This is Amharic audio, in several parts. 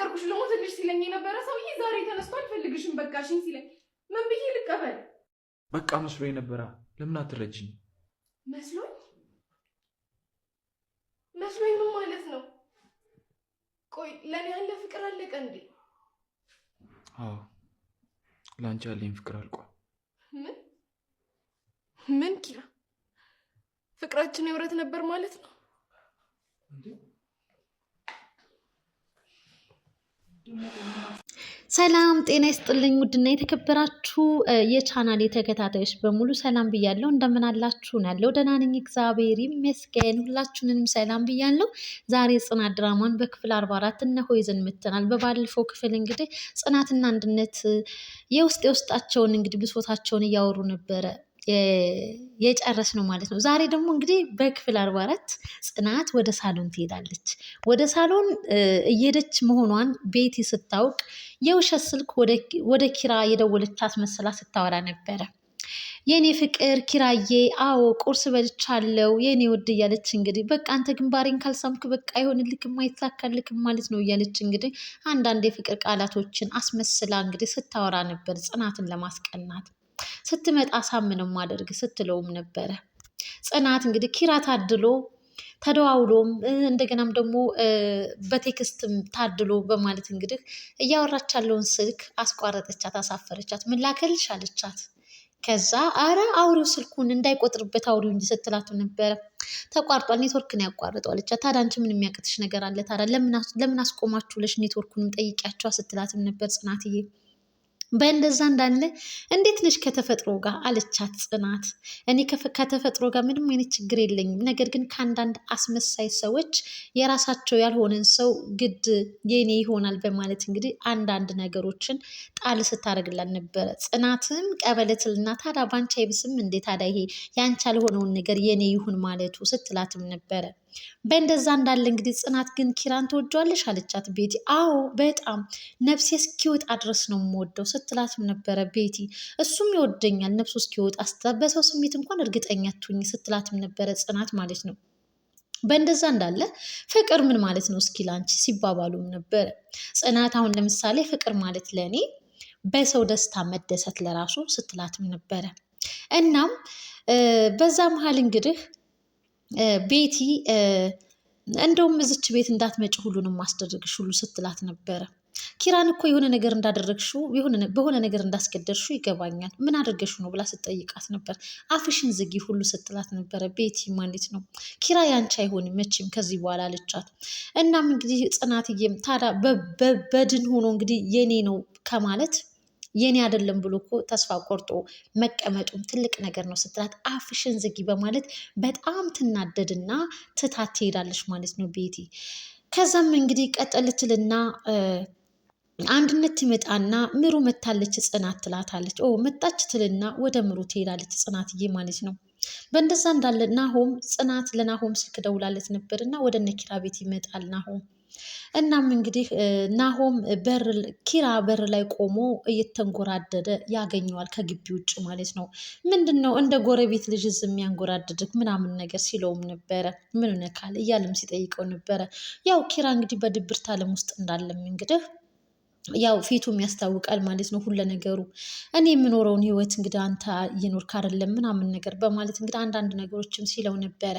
ደግሞ ትንሽ ሲለኝ የነበረ ሰውዬ ዛሬ ተነስቶ አልፈልግሽም በቃሽኝ ሲለኝ ምን ብዬ ልቀበል? በቃ መስሎ የነበረ ለምን አትረጅኝ? መስሎኝ መስሎኝ ምን ማለት ነው? ቆይ ለእኔ ያለ ፍቅር አለቀ እንዴ? አዎ ለአንቺ ያለኝ ፍቅር አልቋል። ምን ምን ኪራ፣ ፍቅራችን የውረት ነበር ማለት ነው? ሰላም ጤና ይስጥልኝ። ውድና የተከበራችሁ የቻናል የተከታታዮች በሙሉ ሰላም ብያለሁ። እንደምን አላችሁ? ያለው ደህና ነኝ እግዚአብሔር ይመስገን። ሁላችሁንም ሰላም ብያለሁ። ዛሬ ጽናት ድራማን በክፍል አርባ አራት እነሆ ይዘን መጥተናል። በባለፈው ክፍል እንግዲህ ጽናትና አንድነት የውስጥ የውስጣቸውን እንግዲህ ብሶታቸውን እያወሩ ነበረ የጨረስ ነው ማለት ነው። ዛሬ ደግሞ እንግዲህ በክፍል አርባ አራት ጽናት ወደ ሳሎን ትሄዳለች። ወደ ሳሎን እየሄደች መሆኗን ቤቲ ስታውቅ የውሸት ስልክ ወደ ኪራ የደወለች አስመስላ ስታወራ ነበረ። የኔ ፍቅር ኪራዬ፣ አዎ ቁርስ በልቻለው የኔ ውድ እያለች እንግዲህ በቃ አንተ ግንባሬን ካልሳምክ በቃ አይሆንልክም፣ አይሳካልክም ማለት ነው እያለች እንግዲህ አንዳንድ የፍቅር ቃላቶችን አስመስላ እንግዲህ ስታወራ ነበር ጽናትን ለማስቀናት ስትመጣ ሳምንም ማደርግ ስትለውም ነበረ። ጽናት እንግዲህ ኪራ ታድሎ ተደዋውሎም እንደገናም ደግሞ በቴክስትም ታድሎ በማለት እንግዲህ እያወራች ያለውን ስልክ አስቋረጠቻት፣ አሳፈረቻት። ምን ላከልሽ አለቻት። ከዛ አረ አውሪው ስልኩን እንዳይቆጥርበት አውሪው እንጂ ስትላት ነበረ። ተቋርጧል፣ ኔትወርክ ነው ያቋረጠው አለቻት። ታዲያ አንቺ ምን የሚያቅትሽ ነገር አለ ታዲያ? ለምን አስቆማችሁ ብለሽ ኔትወርኩንም ጠይቂያቸዋ ስትላትም ነበር ጽናትዬ በእንደዛ እንዳለ እንዴት ነሽ ከተፈጥሮ ጋር አለቻት ጽናት። እኔ ከተፈጥሮ ጋር ምንም አይነት ችግር የለኝም፣ ነገር ግን ከአንዳንድ አስመሳይ ሰዎች የራሳቸው ያልሆነን ሰው ግድ የኔ ይሆናል በማለት እንግዲህ አንዳንድ ነገሮችን ጣል ስታደርግላት ነበረ። ጽናትም ቀበለትልና ታዲያ ባንቺ አይብስም እንዴት ታዲያ ይሄ ያንቺ ያልሆነውን ነገር የኔ ይሁን ማለቱ ስትላትም ነበረ። በእንደዛ እንዳለ እንግዲህ ጽናት ግን ኪራን ትወደዋለሽ አለቻት ቤቲ። አዎ በጣም ነፍሴ እስኪወጣ ድረስ ነው የምወደው ስትላትም ነበረ ቤቲ። እሱም ይወደኛል ነፍሱ እስኪወጣ በሰው ስሜት እንኳን እርግጠኛ ትሁኝ ስትላትም ነበረ ጽናት ማለት ነው። በእንደዛ እንዳለ ፍቅር ምን ማለት ነው እስኪ ላንቺ ሲባባሉም ነበረ። ጽናት አሁን ለምሳሌ ፍቅር ማለት ለእኔ በሰው ደስታ መደሰት ለራሱ ስትላትም ነበረ። እናም በዛ መሀል እንግዲህ ቤቲ እንደውም እዚች ቤት እንዳትመጭ ሁሉንም ማስደረግሽ ሁሉ ስትላት ነበረ። ኪራን እኮ የሆነ ነገር እንዳደረግሽው በሆነ ነገር እንዳስገደርሽው ይገባኛል፣ ምን አድርገሽው ነው ብላ ስትጠይቃት ነበር። አፍሽን ዝጊ ሁሉ ስትላት ነበረ ቤቲ ማለት ነው። ኪራ ያንቺ አይሆንም መቼም ከዚህ በኋላ አለቻት። እናም እንግዲህ ጽናትዬም ታዲያ በድን ሆኖ እንግዲህ የኔ ነው ከማለት የኔ አይደለም ብሎ እኮ ተስፋ ቆርጦ መቀመጡም ትልቅ ነገር ነው ስትላት አፍሽን ዝጊ በማለት በጣም ትናደድና ትታት ትሄዳለች ማለት ነው ቤቲ። ከዛም እንግዲህ ቀጠል ትልና አንድነት ትመጣና ምሩ መታለች ጽናት ትላታለች። ኦ መጣች ትልና ወደ ምሩ ትሄዳለች ጽናትዬ ማለት ነው። በእንደዛ እንዳለ ናሆም ጽናት ለናሆም ስልክ ደውላለት ነበር እና ወደ ነኪራ ቤት ይመጣል ናሆም እናም እንግዲህ ናሆም በር ኪራ በር ላይ ቆሞ እየተንጎራደደ ያገኘዋል ከግቢ ውጭ ማለት ነው። ምንድን ነው እንደ ጎረቤት ልጅ ዝ የሚያንጎራድድክ ምናምን ነገር ሲለውም ነበረ። ምን ነካል እያለም ሲጠይቀው ነበረ። ያው ኪራ እንግዲህ በድብርት ዓለም ውስጥ እንዳለም እንግዲህ ያው ፊቱም ያስታውቃል ማለት ነው ሁለ ነገሩ። እኔ የምኖረውን ህይወት እንግዲህ አንተ እየኖርክ አይደለም ምናምን ነገር በማለት እንግዲህ አንዳንድ ነገሮችም ሲለው ነበረ።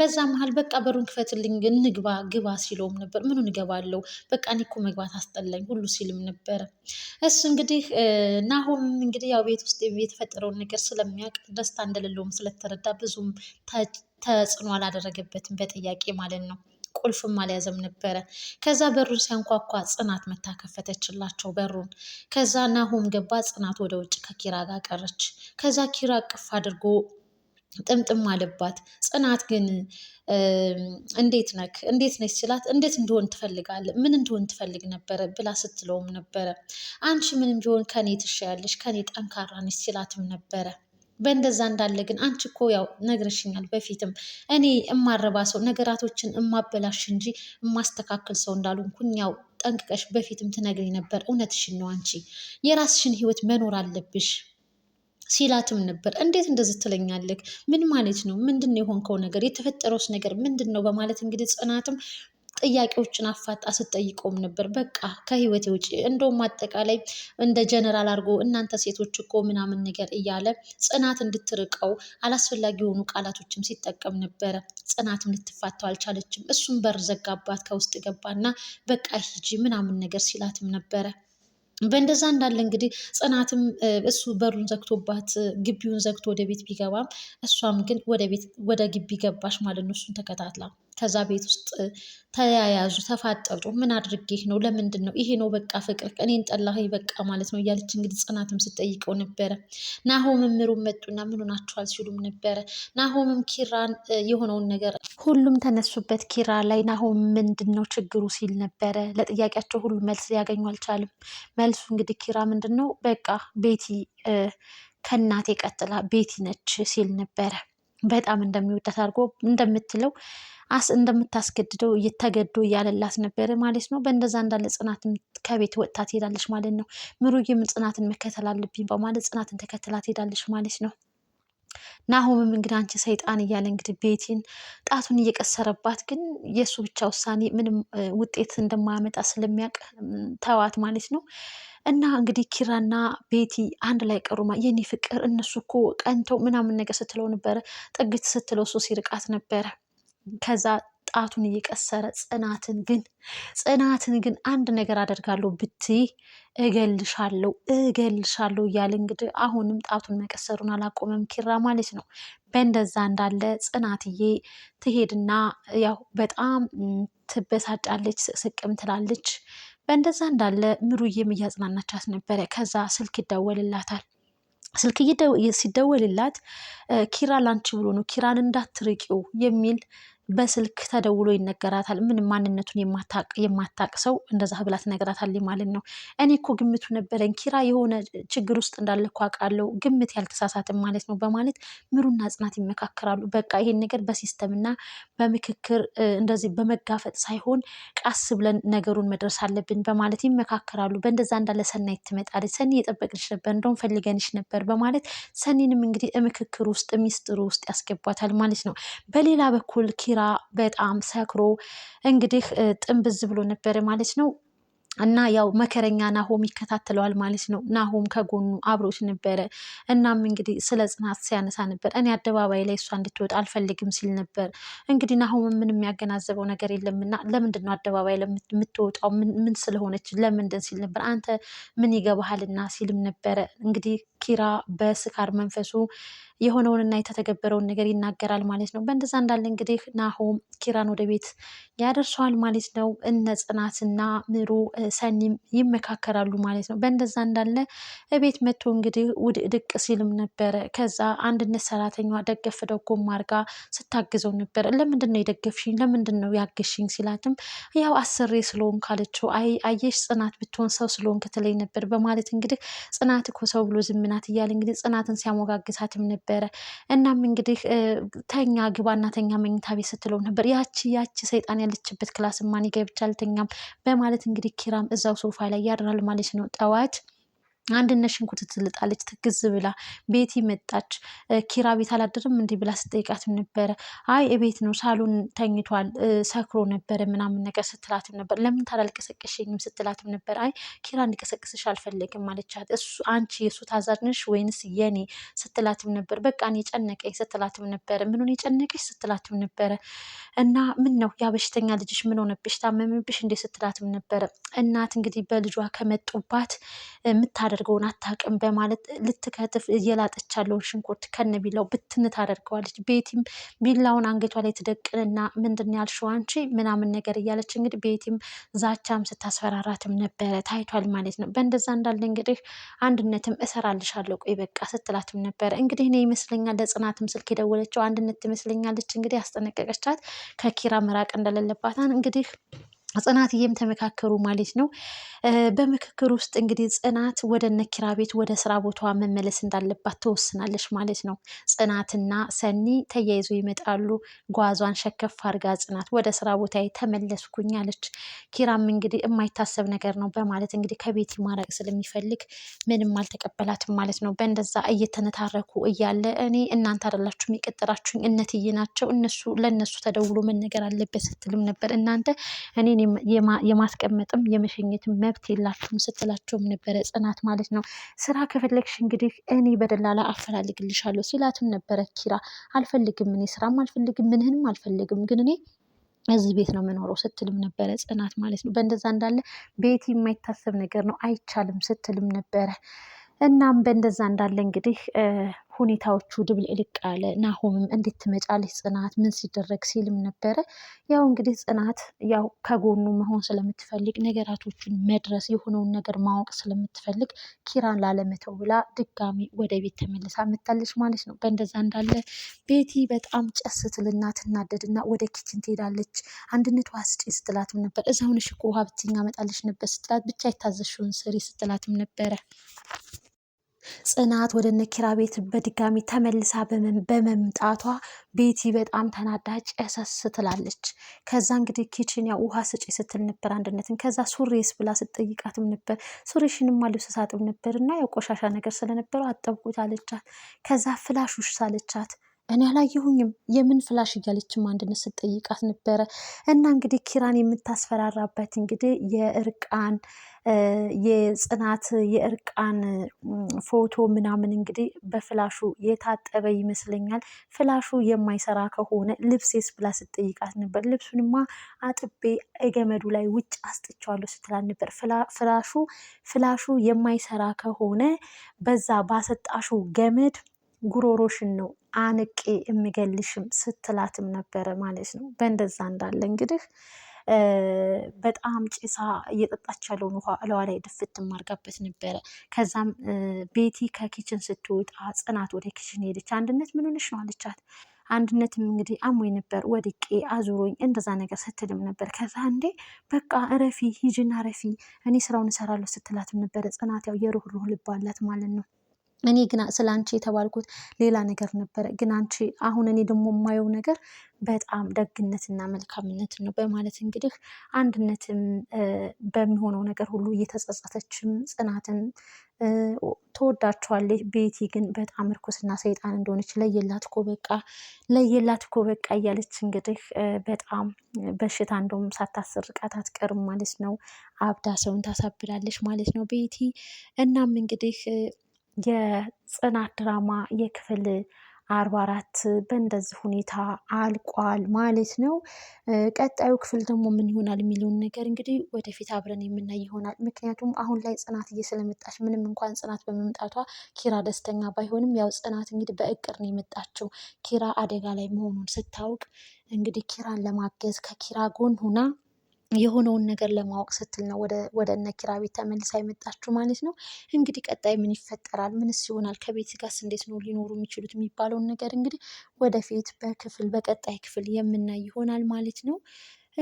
በዛ መሀል በቃ በሩን ክፈትልኝ እንግባ ግባ ሲለውም ነበር። ምኑን እገባለሁ በቃ እኔ እኮ መግባት አስጠላኝ ሁሉ ሲልም ነበረ። እሱ እንግዲህ ናሆም እንግዲህ ያው ቤት ውስጥ የተፈጠረውን ነገር ስለሚያውቅ ደስታ እንደሌለውም ስለተረዳ ብዙም ተጽዕኖ አላደረገበትም በጥያቄ ማለት ነው። ቁልፉም አልያዘም ነበረ። ከዛ በሩን ሲያንኳኳ ጽናት መታከፈተችላቸው በሩን። ከዛ ናሆም ገባ። ጽናት ወደ ውጭ ከኪራ ጋር ቀረች። ከዛ ኪራ ቅፍ አድርጎ ጥምጥም አለባት። ጽናት ግን እንዴት ነክ እንዴት ነች ስላት እንዴት እንደሆን ትፈልጋለ ምን እንደሆን ትፈልግ ነበረ ብላ ስትለውም ነበረ። አንቺ ምንም ቢሆን ከኔ ትሻያለሽ ከኔ ጠንካራ ነች ስላትም ነበረ። በእንደዛ እንዳለ ግን አንቺ እኮ ያው ነግረሽኛል በፊትም እኔ እማረባ ሰው ነገራቶችን እማበላሽ እንጂ እማስተካከል ሰው እንዳልሆንኩኝ ያው ጠንቅቀሽ በፊትም ትነግሪ ነበር። እውነትሽን ነው አንቺ የራስሽን ህይወት መኖር አለብሽ ሲላትም ነበር። እንዴት እንደዚህ ትለኛለህ? ምን ማለት ነው? ምንድን ነው የሆንከው ነገር? የተፈጠረውስ ነገር ምንድን ነው? በማለት እንግዲህ ጽናትም ጥያቄዎችን አፋጣ ስጠይቆም ነበር። በቃ ከህይወቴ ውጭ እንደውም አጠቃላይ እንደ ጀነራል አድርጎ እናንተ ሴቶች እኮ ምናምን ነገር እያለ ጽናት እንድትርቀው አላስፈላጊ የሆኑ ቃላቶችም ሲጠቀም ነበረ። ጽናትም ልትፋታው አልቻለችም። እሱም በር ዘጋባት፣ ከውስጥ ገባና በቃ ሂጂ ምናምን ነገር ሲላትም ነበረ። በእንደዛ እንዳለ እንግዲህ ጽናትም እሱ በሩን ዘግቶባት ግቢውን ዘግቶ ወደ ቤት ቢገባም እሷም ግን ወደ ግቢ ገባች ማለት ነው እሱን ተከታትላ ከዛ ቤት ውስጥ ተያያዙ፣ ተፋጠጡ። ምን አድርጌህ ነው? ለምንድን ነው ይሄ ነው በቃ ፍቅር እኔን ጠላህ በቃ ማለት ነው እያለች እንግዲህ ጽናትም ስጠይቀው ነበረ። ናሆምም ምሩም መጡና ምን ሆናችኋል ሲሉም ነበረ። ናሆምም ኪራን የሆነውን ነገር ሁሉም ተነሱበት ኪራ ላይ። ናሆም ምንድን ነው ችግሩ ሲል ነበረ። ለጥያቄያቸው ሁሉ መልስ ሊያገኙ አልቻልም። መልሱ እንግዲህ ኪራ ምንድን ነው በቃ ቤቲ ከእናቴ ቀጥላ ቤቲ ነች ሲል ነበረ። በጣም እንደሚወዳት አድርጎ እንደምትለው አስ እንደምታስገድደው እየተገዶ እያለላት ነበረ ማለት ነው። በእንደዛ እንዳለ ጽናት ከቤት ወጥታ ትሄዳለች ማለት ነው። ምሩዬም ጽናትን መከተል አለብኝ በማለት ጽናትን ተከትላ ትሄዳለች ማለት ነው። ናሆምም እንግዲህ አንቺ ሰይጣን እያለ እንግዲህ ቤቲን ጣቱን እየቀሰረባት ግን የእሱ ብቻ ውሳኔ ምንም ውጤት እንደማያመጣ ስለሚያውቅ ተዋት ማለት ነው። እና እንግዲህ ኪራና ቤቲ አንድ ላይ ቀሩማ የኔ ፍቅር እነሱ እኮ ቀንተው ምናምን ነገር ስትለው ነበረ። ጥግት ስትለው እሱ ሲርቃት ነበረ። ከዛ ጣቱን እየቀሰረ ጽናትን ግን ጽናትን ግን አንድ ነገር አደርጋለሁ ብትይ እገልሻለሁ እገልሻለሁ እያለ እንግዲህ አሁንም ጣቱን መቀሰሩን አላቆመም ኪራ ማለት ነው። በእንደዛ እንዳለ ጽናትዬ ትሄድና ያው በጣም ትበሳጫለች፣ ስቅም ትላለች። በእንደዛ እንዳለ ምሩዬም እያጽናናቻት ነበረ። ከዛ ስልክ ይደወልላታል። ስልክ ሲደወልላት ኪራ ላንቺ ብሎ ነው ኪራን እንዳትርቂው የሚል በስልክ ተደውሎ ይነገራታል። ምን ማንነቱን የማታቅ ሰው እንደዛ ብላ ትነግራታለች ማለት ነው። እኔ እኮ ግምቱ ነበረኝ ኪራ የሆነ ችግር ውስጥ እንዳለ እኮ አውቃለሁ፣ ግምት ያልተሳሳትም ማለት ነው በማለት ምሩና ጽናት ይመካከራሉ። በቃ ይሄን ነገር በሲስተምና በምክክር እንደዚህ በመጋፈጥ ሳይሆን ቀስ ብለን ነገሩን መድረስ አለብን በማለት ይመካከራሉ። በእንደዛ እንዳለ ሰናይት ትመጣለች። ሰኒ የጠበቅንሽ ነበር፣ እንደውም ፈልገንሽ ነበር በማለት ሰኒንም እንግዲህ ምክክር ውስጥ ሚስጥሩ ውስጥ ያስገቧታል ማለት ነው። በሌላ በኩል ኪራ በጣም ሰክሮ እንግዲህ ጥንብዝ ብሎ ነበረ ማለት ነው። እና ያው መከረኛ ናሆም ይከታተለዋል ማለት ነው። ናሆም ከጎኑ አብሮት ነበረ። እናም እንግዲህ ስለ ጽናት ሲያነሳ ነበር። እኔ አደባባይ ላይ እሷ እንድትወጣ አልፈልግም ሲል ነበር። እንግዲህ ናሆም ምን የሚያገናዘበው ነገር የለምና ለምንድን ነው አደባባይ የምትወጣው? ምን ስለሆነች ለምንድን ሲል ነበር። አንተ ምን ይገባሃልና ሲልም ነበረ እንግዲህ ኪራ በስካር መንፈሱ የሆነውንና የተተገበረውን ነገር ይናገራል ማለት ነው። በእንደዛ እንዳለ እንግዲህ ናሆም ኪራን ወደ ቤት ያደርሰዋል ማለት ነው። እነ ጽናትና ምሩ ሰኒም ይመካከራሉ ማለት ነው። በእንደዛ እንዳለ ቤት መጥቶ እንግዲህ ውድድቅ ሲልም ነበረ። ከዛ አንድነት ሰራተኛዋ ደገፍ ደጎም አድርጋ ስታግዘው ነበር። ለምንድን ነው የደገፍሽኝ? ለምንድን ነው ያገሽኝ? ሲላትም ያው አሰሬ ስለሆን ካለችው አይ አየሽ ጽናት ብትሆን ሰው ስለሆን ክትለኝ ነበር በማለት እንግዲህ ጽናት እኮ ሰው ብሎ ዝምና ናት እያለ እንግዲህ ጽናትን ሲያሞጋግሳትም ነበረ። እናም እንግዲህ ተኛ ግባ እና ተኛ መኝታ ቤት ስትለው ነበር። ያቺ ያቺ ሰይጣን ያለችበት ክላስ ማን ገብቻ አልተኛም በማለት እንግዲህ ኪራም እዛው ሶፋ ላይ ያድራል ማለት ነው ጠዋት አንድነት ሽንኩርት ትልጣለች ትግዝ ብላ ቤቲ መጣች። ኪራ ቤት አላደርም እንዲህ ብላ ስጠይቃት ነበረ። አይ እቤት ነው ሳሎን ተኝቷል ሰክሮ ነበረ ምናምን ነገር ስትላትም ነበር። ለምን ታላልቀሰቀሽኝም ስትላትም ነበር። አይ ኪራ እንዲቀሰቅስሽ አልፈለግም አለቻት። እሱ አንቺ የእሱ ታዛዥ ወይንስ የኔ ስትላትም ነበር። በቃ እኔ ጨነቀኝ ስትላትም ነበረ። ምን የጨነቀሽ ስትላትም ነበረ። እና ምን ነው ያ በሽተኛ ልጅሽ ምን ሆነብሽ ታመምብሽ እንዴ ስትላትም ነበረ። እናት እንግዲህ በልጇ ከመጡባት ምታደ የምታደርገውን አታውቅም በማለት ልትከትፍ እየላጠች ያለውን ሽንኩርት ከነ ቢላው ብትን ታደርገዋለች። ቤቲም ቢላውን አንገቷ ላይ ትደቅንና ምንድን ያልሽው አንቺ ምናምን ነገር እያለች እንግዲህ ቤቲም ዛቻም ስታስፈራራትም ነበረ ታይቷል ማለት ነው። በእንደዛ እንዳለ እንግዲህ አንድነትም እሰራልሻለሁ ቆይ በቃ ስትላትም ነበረ። እንግዲህ እኔ ይመስለኛል ለጽናትም ስልክ የደወለችው አንድነት ትመስለኛለች። እንግዲህ ያስጠነቀቀቻት ከኪራ መራቅ እንደሌለባታን እንግዲህ ጽናትዬም ተመካከሩ ማለት ነው። በምክክር ውስጥ እንግዲህ ጽናት ወደ ነኪራ ቤት ወደ ስራ ቦታዋ መመለስ እንዳለባት ትወስናለች ማለት ነው። ጽናትና ሰኒ ተያይዞ ይመጣሉ። ጓዟን ሸከፍ አድርጋ ጽናት ወደ ስራ ቦታ ተመለስኩኝ አለች። ኪራም እንግዲህ የማይታሰብ ነገር ነው በማለት እንግዲህ ከቤት ማራቅ ስለሚፈልግ ምንም አልተቀበላትም ማለት ነው። በእንደዛ እየተነታረኩ እያለ እኔ እናንተ አደላችሁ የቀጠራችሁኝ እነትዬ ናቸው እነሱ ለእነሱ ተደውሎ መነገር አለበት ስትልም ነበር እናንተ እኔ የማስቀመጥም የመሸኘትም መብት የላችሁም ስትላቸውም ነበረ ጽናት ማለት ነው። ስራ ከፈለግሽ እንግዲህ እኔ በደላላ አፈላልግልሻለሁ ሲላትም ነበረ ኪራ። አልፈልግም፣ እኔ ስራም አልፈልግም፣ ምንህንም አልፈልግም ግን እኔ እዚህ ቤት ነው የምኖረው ስትልም ነበረ ጽናት ማለት ነው። በእንደዛ እንዳለ ቤት የማይታሰብ ነገር ነው አይቻልም ስትልም ነበረ። እናም በእንደዛ እንዳለ እንግዲህ ሁኔታዎቹ ድብልቅልቅ አለ። ናሆምም እንዴት ትመጫለች ጽናት ምን ሲደረግ ሲልም ነበረ። ያው እንግዲህ ጽናት ያው ከጎኑ መሆን ስለምትፈልግ ነገራቶቹን መድረስ የሆነውን ነገር ማወቅ ስለምትፈልግ ኪራን ላለመተው ብላ ድጋሚ ወደ ቤት ተመልሳ መታለች ማለት ነው። በእንደዛ እንዳለ ቤቲ በጣም ጨስ ስትልና ትናደድና ወደ ኪችን ትሄዳለች። አንድነት ዋስጪ ስትላትም ነበር። እዛውን ሽኮ ውሃ ብትኛ መጣለች ነበር ስትላት ብቻ የታዘሽውን ስሪ ስትላትም ነበረ። ጽናት ወደ ነኪራ ቤት በድጋሚ ተመልሳ በመምጣቷ ቤቲ በጣም ተናዳ ጨሰስ ትላለች። ከዛ እንግዲህ ኪችን ያው ውሃ ስጪ ስትል ነበር አንድነትን። ከዛ ሱሬስ ብላ ስጠይቃትም ነበር ሱሬሽንማ ልብስ ሳጥም ነበር እና ያው ቆሻሻ ነገር ስለነበረው አጠብቁት አለቻት። ከዛ ፍላሹሽ ሳለቻት እኔ አላየሁኝም የምን ፍላሽ እያለችም አንድነት ስትጠይቃት ነበረ። እና እንግዲህ ኪራን የምታስፈራራበት እንግዲህ የእርቃን የጽናት የእርቃን ፎቶ ምናምን እንግዲህ በፍላሹ የታጠበ ይመስለኛል። ፍላሹ የማይሰራ ከሆነ ልብሴስ ብላ ስጠይቃት ነበር። ልብሱንማ አጥቤ ገመዱ ላይ ውጭ አስጥቸዋለሁ ስትላል ነበር። ፍላሹ ፍላሹ የማይሰራ ከሆነ በዛ ባሰጣሹ ገመድ ጉሮሮሽን ነው አንቄ የምገልሽም ስትላትም ነበረ ማለት ነው። በእንደዛ እንዳለ እንግዲህ በጣም ጭሳ እየጠጣች ያለውን ውሃ እለዋ ላይ ድፍት ማርጋበት ነበረ። ከዛም ቤቲ ከኪችን ስትወጣ ጽናት ወደ ኪችን ሄደች። አንድነት ምን ሆነሽ ነው አለቻት። አንድነትም እንግዲህ አሞኝ ነበር ወድቄ አዙሮኝ እንደዛ ነገር ስትልም ነበር። ከዛ እንዴ በቃ እረፊ ሂጂና እረፊ እኔ ስራውን እሰራለሁ ስትላትም ነበረ። ጽናት ያው የሩህሩህ ልብ አላት ማለት ነው። እኔ ግን ስለ አንቺ የተባልኩት ሌላ ነገር ነበረ። ግን አንቺ አሁን እኔ ደግሞ የማየው ነገር በጣም ደግነትና መልካምነት ነው በማለት እንግዲህ አንድነትም በሚሆነው ነገር ሁሉ እየተጸጸተችም ጽናትን ትወዳቸዋለች። ቤቲ ግን በጣም እርኩስና ሰይጣን እንደሆነች ለየላት እኮ በቃ ለየላት እኮ በቃ እያለች እንግዲህ በጣም በሽታ እንደውም ሳታስርቃት አትቀርም ማለት ነው። አብዳ ሰውን ታሳብዳለች ማለት ነው ቤቲ እናም እንግዲህ የጽናት ድራማ የክፍል አርባ አራት በእንደዚህ ሁኔታ አልቋል ማለት ነው። ቀጣዩ ክፍል ደግሞ ምን ይሆናል የሚለውን ነገር እንግዲህ ወደፊት አብረን የምናይ ይሆናል። ምክንያቱም አሁን ላይ ጽናትዬ ስለመጣች ምንም እንኳን ጽናት በመምጣቷ ኪራ ደስተኛ ባይሆንም ያው ጽናት እንግዲህ በእቅድ ነው የመጣችው። ኪራ አደጋ ላይ መሆኑን ስታውቅ እንግዲህ ኪራን ለማገዝ ከኪራ ጎን ሁና የሆነውን ነገር ለማወቅ ስትል ነው ወደ እነ ኪራ ቤት ተመልሳ የመጣችሁ ማለት ነው። እንግዲህ ቀጣይ ምን ይፈጠራል? ምንስ ይሆናል? ከቤት ጋርስ እንዴት ነው ሊኖሩ የሚችሉት? የሚባለውን ነገር እንግዲህ ወደፊት በክፍል በቀጣይ ክፍል የምናይ ይሆናል ማለት ነው።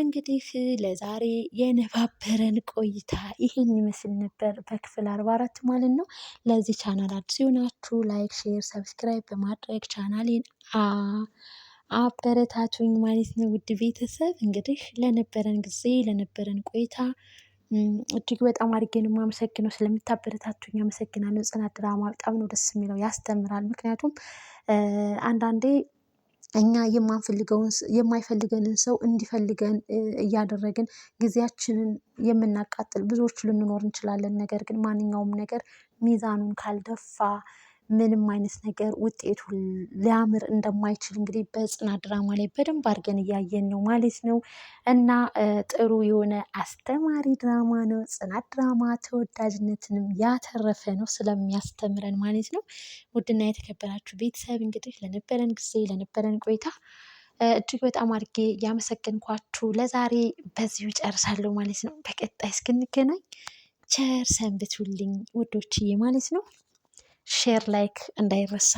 እንግዲህ ለዛሬ የነባበረን ቆይታ ይህን ይመስል ነበር በክፍል አርባ አራት ማለት ነው። ለዚህ ቻናል አዲስ የሆናችሁ ላይክ፣ ሼር፣ ሰብስክራይብ በማድረግ ቻናሌን አበረታቱኝ ማለት ነው። ውድ ቤተሰብ እንግዲህ ለነበረን ጊዜ ለነበረን ቆይታ እጅግ በጣም አድርጌ ነው የማመሰግነው ስለምታበረታቱኝ አመሰግናለሁ። ጽናት ድራማ በጣም ነው ደስ የሚለው ያስተምራል። ምክንያቱም አንዳንዴ እኛ የማይፈልገንን ሰው እንዲፈልገን እያደረግን ጊዜያችንን የምናቃጥል ብዙዎች ልንኖር እንችላለን። ነገር ግን ማንኛውም ነገር ሚዛኑን ካልደፋ ምንም አይነት ነገር ውጤቱ ሊያምር እንደማይችል እንግዲህ በጽና ድራማ ላይ በደንብ አድርገን እያየን ነው ማለት ነው። እና ጥሩ የሆነ አስተማሪ ድራማ ነው። ጽናት ድራማ ተወዳጅነትንም ያተረፈ ነው ስለሚያስተምረን ማለት ነው። ውድና የተከበራችሁ ቤተሰብ እንግዲህ ለነበረን ጊዜ ለነበረን ቆይታ እጅግ በጣም አድርጌ ያመሰገንኳችሁ ለዛሬ በዚሁ ጨርሳለሁ ማለት ነው። በቀጣይ እስክንገናኝ ቸር ሰንብቱልኝ ውዶችዬ ማለት ነው። ሼር ላይክ እንዳይረሳ።